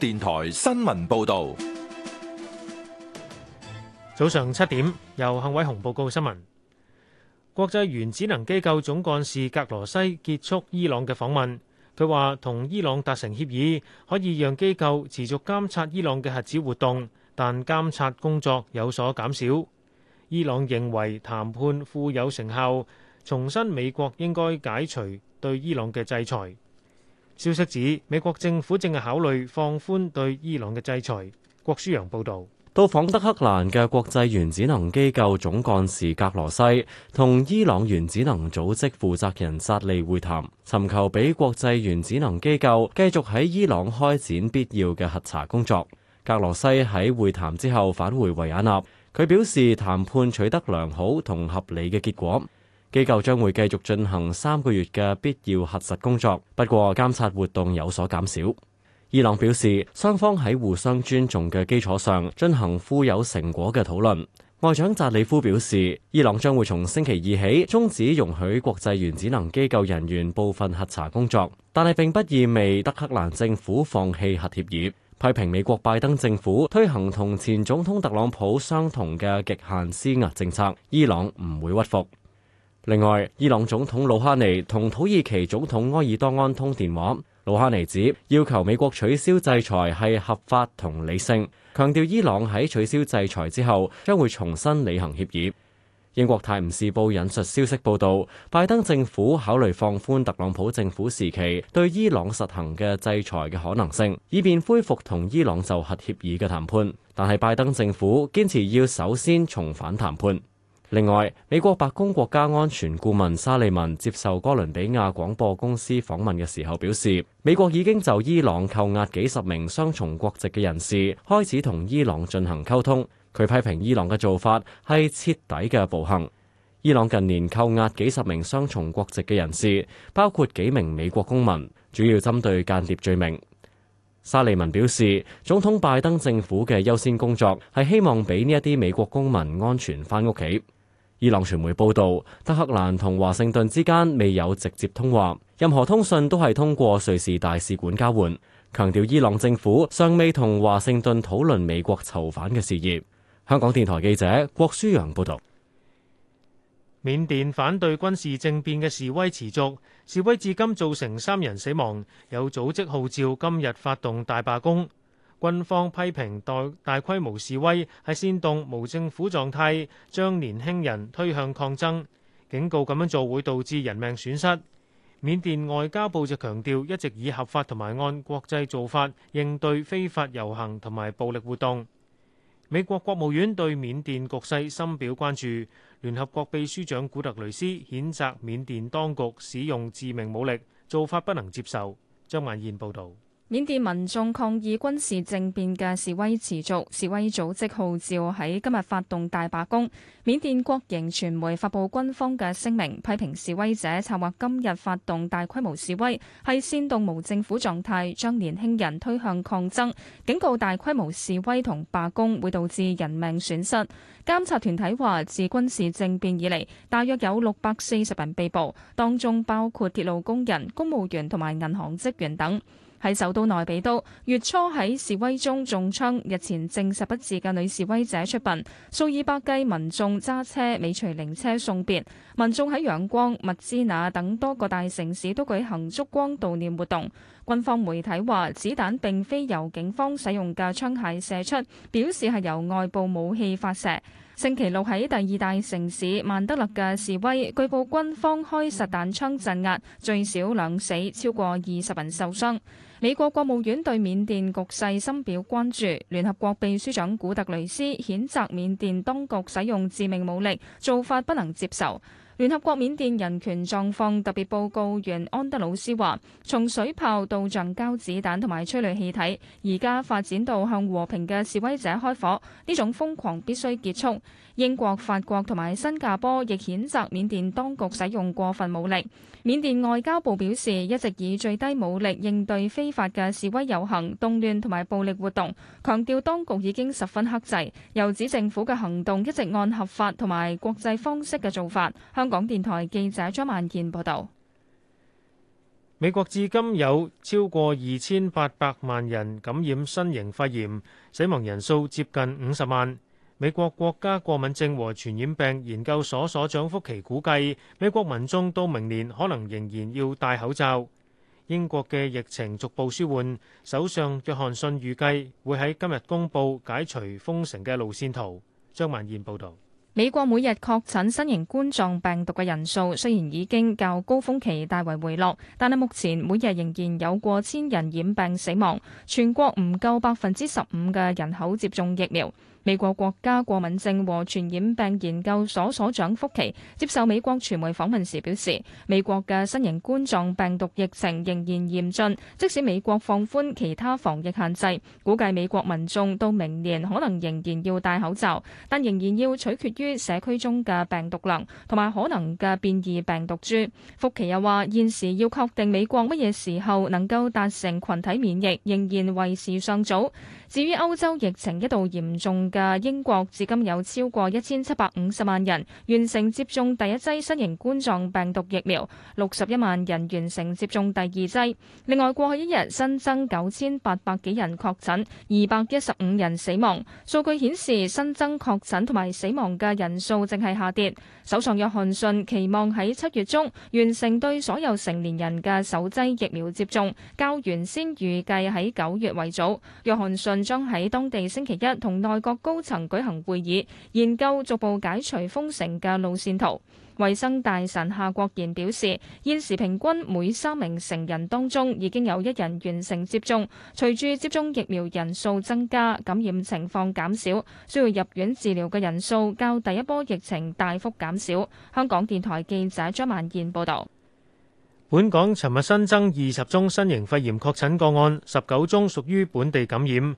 電台新聞報道：早上七點，由幸偉雄報告新聞。國際原子能機構總幹事格羅西結束伊朗嘅訪問。佢話同伊朗達成協議，可以讓機構持續監察伊朗嘅核子活動，但監察工作有所減少。伊朗認為談判富有成效，重申美國應該解除對伊朗嘅制裁。消息指，美國政府正係考慮放寬對伊朗嘅制裁。郭舒陽報道，到訪德黑蘭嘅國際原子能機構總幹事格羅西同伊朗原子能組織負責人薩利會談，尋求俾國際原子能機構繼續喺伊朗開展必要嘅核查工作。格羅西喺會談之後返回維也納，佢表示談判取得良好同合理嘅結果。機構將會繼續進行三個月嘅必要核實工作，不過監察活動有所減少。伊朗表示，雙方喺互相尊重嘅基礎上進行富有成果嘅討論。外長扎里夫表示，伊朗將會從星期二起終止容許國際原子能機構人員部分核查工作，但係並不意味德黑蘭政府放棄核協議。批評美國拜登政府推行同前總統特朗普相同嘅極限施壓政策，伊朗唔會屈服。另外，伊朗總統魯哈尼同土耳其總統埃爾多安通電話。魯哈尼指要求美國取消制裁係合法同理性，強調伊朗喺取消制裁之後，將會重新履行協議。英國《泰晤士報》引述消息報道，拜登政府考慮放寬特朗普政府時期對伊朗實行嘅制裁嘅可能性，以便恢復同伊朗就核協議嘅談判。但係拜登政府堅持要首先重返談判。另外，美國白宮國家安全顧問沙利文接受哥倫比亞廣播公司訪問嘅時候表示，美國已經就伊朗扣押幾十名雙重國籍嘅人士，開始同伊朗進行溝通。佢批評伊朗嘅做法係徹底嘅暴行。伊朗近年扣押幾十名雙重國籍嘅人士，包括幾名美國公民，主要針對間諜罪名。沙利文表示，總統拜登政府嘅優先工作係希望俾呢一啲美國公民安全返屋企。伊朗傳媒報道，德黑蘭同華盛頓之間未有直接通話，任何通訊都係通過瑞士大使館交換。強調伊朗政府尚未同華盛頓討論美國囚犯嘅事業。香港電台記者郭舒陽報道。緬甸反對軍事政變嘅示威持續，示威至今造成三人死亡，有組織號召今日發動大罷工。軍方批評大大規模示威係煽動無政府狀態，將年輕人推向抗爭，警告咁樣做會導致人命損失。緬甸外交部就強調一直以合法同埋按國際做法應對非法遊行同埋暴力活動。美國國務院對緬甸局勢深表關注。聯合國秘書長古特雷斯譴責緬甸當局使用致命武力，做法不能接受。張雁燕報導。緬甸民眾抗議軍事政變嘅示威持續，示威組織號召喺今日發動大罷工。緬甸國營傳媒發佈軍方嘅聲明，批評示威者策劃今日發動大規模示威，係煽動無政府狀態，將年輕人推向抗爭，警告大規模示威同罷工會導致人命損失。監察團體話，自軍事政變以嚟，大約有六百四十人被捕，當中包括鐵路工人、公務員同埋銀行職員等。喺首都內比都，月初喺示威中中槍，日前證實不治嘅女示威者出殯，數以百計民眾揸車尾隨靈車送別。民眾喺仰光、密支那等多個大城市都舉行燭光悼念活動。軍方媒體話，子彈並非由警方使用嘅槍械射出，表示係由外部武器發射。星期六喺第二大城市曼德勒嘅示威，據報軍方開實彈槍鎮壓，最少兩死，超過二十人受傷。美國國務院對緬甸局勢深表關注，聯合國秘書長古特雷斯譴責緬甸當局使用致命武力，做法不能接受。聯合國緬甸人權狀況特別報告員安德魯斯話：從水炮到橡膠子彈同埋催淚氣體，而家發展到向和平嘅示威者開火，呢種瘋狂必須結束。英國、法國同埋新加坡亦譴責緬甸當局使用過分武力。緬甸外交部表示一直以最低武力應對非法嘅示威遊行、動亂同埋暴力活動，強調當局已經十分克制，又指政府嘅行動一直按合法同埋國際方式嘅做法。香港電台記者張萬健報道：美國至今有超過二千八百萬人感染新型肺炎，死亡人數接近五十萬。美國國家過敏症和傳染病研究所所長福奇估計，美國民眾到明年可能仍然要戴口罩。英國嘅疫情逐步舒緩，首相約翰遜預計會喺今日公布解除封城嘅路線圖。張萬健報道。美國每日確診新型冠狀病毒嘅人數雖然已經較高峰期大為回落，但係目前每日仍然有過千人染病死亡，全國唔夠百分之十五嘅人口接種疫苗。美國國家過敏症和傳染病研究所所長福奇接受美國傳媒訪問時表示，美國嘅新型冠狀病毒疫情仍然嚴峻，即使美國放寬其他防疫限制，估計美國民眾到明年可能仍然要戴口罩，但仍然要取決於社區中嘅病毒量同埋可能嘅變異病毒株。福奇又話，現時要確定美國乜嘢時候能夠達成群體免疫，仍然為時尚早。至於歐洲疫情一度嚴重嘅英國至今有超過一千七百五十萬人完成接種第一劑新型冠狀病毒疫苗，六十一萬人完成接種第二劑。另外過去一日新增九千八百幾人確診，二百一十五人死亡。數據顯示新增確診同埋死亡嘅人數正係下跌。首相約翰遜期望喺七月中完成對所有成年人嘅首劑疫苗接種，較原先預計喺九月為早。約翰遜將喺當地星期一同內閣高層舉行會議，研究逐步解除封城嘅路線圖。衛生大臣夏國賢表示，現時平均每三名成人當中已經有一人完成接種。隨住接種疫苗人數增加，感染情況減少，需要入院治療嘅人數較第一波疫情大幅減少。香港電台記者張萬燕報道。本港尋日新增二十宗新型肺炎確診個案，十九宗屬於本地感染。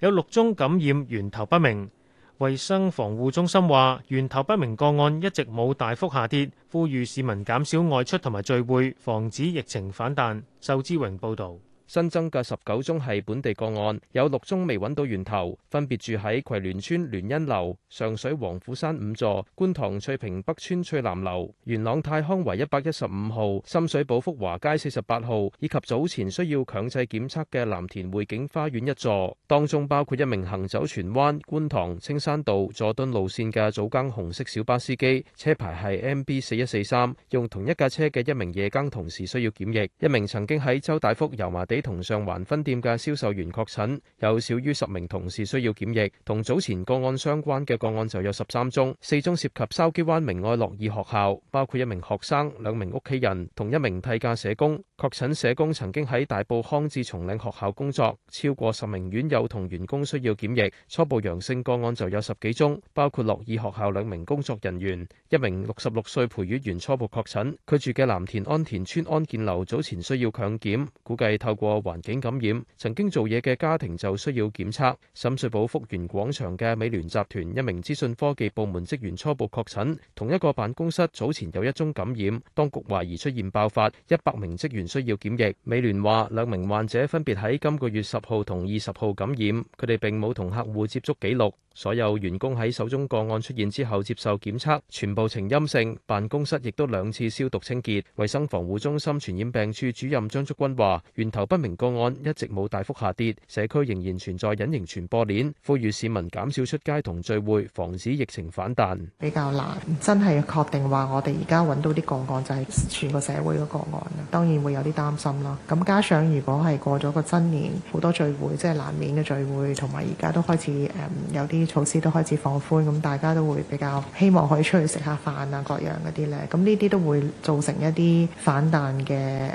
有六宗感染源頭不明，衛生防護中心話源頭不明個案一直冇大幅下跌，呼籲市民減少外出同埋聚會，防止疫情反彈。仇志榮報道。新增嘅十九宗係本地個案，有六宗未揾到源頭，分別住喺葵聯村聯欣樓、上水皇府山五座、觀塘翠屏北村翠楠樓、元朗泰康圍一百一十五號、深水埗福華街四十八號，以及早前需要強制檢測嘅藍田匯景花園一座。當中包括一名行走荃灣、觀塘、青山道、佐敦路線嘅早更紅色小巴司機，車牌係 M B 四一四三，用同一架車嘅一名夜更同事需要檢疫，一名曾經喺周大福油麻地。同上環分店嘅銷售員確診，有少於十名同事需要檢疫。同早前個案相關嘅個案就有十三宗，四宗涉及筲箕灣明愛樂義學校，包括一名學生、兩名屋企人同一名替假社工。確診社工曾經喺大埔康智松嶺學校工作，超過十名院友同員工需要檢疫。初步陽性個案就有十幾宗，包括樂義學校兩名工作人員，一名六十六歲陪月員初步確診。佢住嘅藍田安田村安建樓早前需要強檢，估計透過，個環境感染，曾經做嘢嘅家庭就需要檢測。深水埗福源廣場嘅美聯集團一名資訊科技部門職員初步確診，同一個辦公室早前有一宗感染，當局懷疑出現爆發，一百名職員需要檢疫。美聯話，兩名患者分別喺今個月十號同二十號感染，佢哋並冇同客戶接觸記錄。所有員工喺首宗個案出現之後接受檢測，全部呈陰性。辦公室亦都兩次消毒清潔。衛生防護中心傳染病處主任張竹君話，源頭。不明個案一直冇大幅下跌，社區仍然存在隱形傳播鏈，呼籲市民減少出街同聚會，防止疫情反彈。比較難，真係確定話，我哋而家揾到啲個案就係全個社會嗰個案啦，當然會有啲擔心啦。咁加上如果係過咗個新年，好多聚會，即係難免嘅聚會，同埋而家都開始誒有啲措施都開始放寬，咁大家都會比較希望可以出去食下飯啊，各樣嗰啲咧，咁呢啲都會造成一啲反彈嘅誒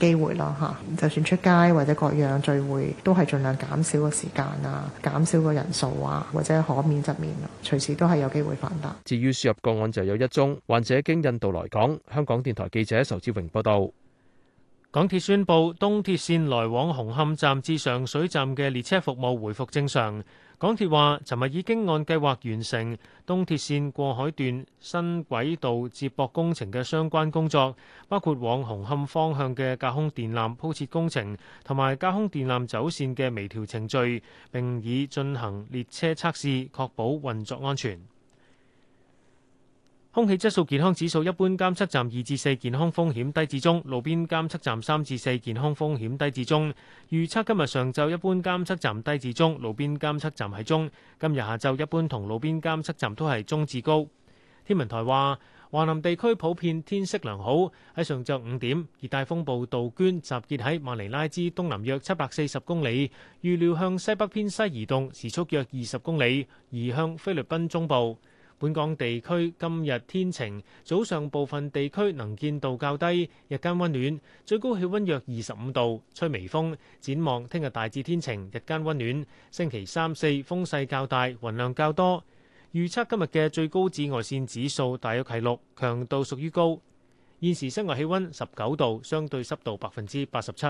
機會咯吓。轉出街或者各樣聚會都係盡量減少個時間啊，減少個人數啊，或者可免則免咯，啊。隨時都係有機會反彈。至於輸入個案就有一宗，患者經印度來港。香港電台記者仇志榮報道。港鐵宣布，東鐵線來往紅磡站至上水站嘅列車服務回復正常。港鐵話，尋日已經按計劃完成東鐵線過海段新軌道接駁工程嘅相關工作，包括往紅磡方向嘅架空電纜鋪，鋪設工程，同埋架空電纜走線嘅微調程序，並已進行列車測試，確保運作安全。空氣質素健康指數一般監測站二至四，健康風險低至中；路邊監測站三至四，健康風險低至中。預測今日上晝一般監測站低至中，路邊監測站係中。今日下晝一般同路邊監測站都係中至高。天文台話，華南地區普遍天色良好。喺上晝五點，熱帶風暴杜鵑集結喺馬尼拉之東南約七百四十公里，預料向西北偏西移動，時速約二十公里，移向菲律賓中部。本港地區今日天晴，早上部分地區能見度較低，日間温暖，最高氣溫約二十五度，吹微風。展望聽日大致天晴，日間温暖。星期三四風勢較大，雲量較多。預測今日嘅最高紫外線指數大約係六，強度屬於高。現時室外氣溫十九度，相對濕度百分之八十七。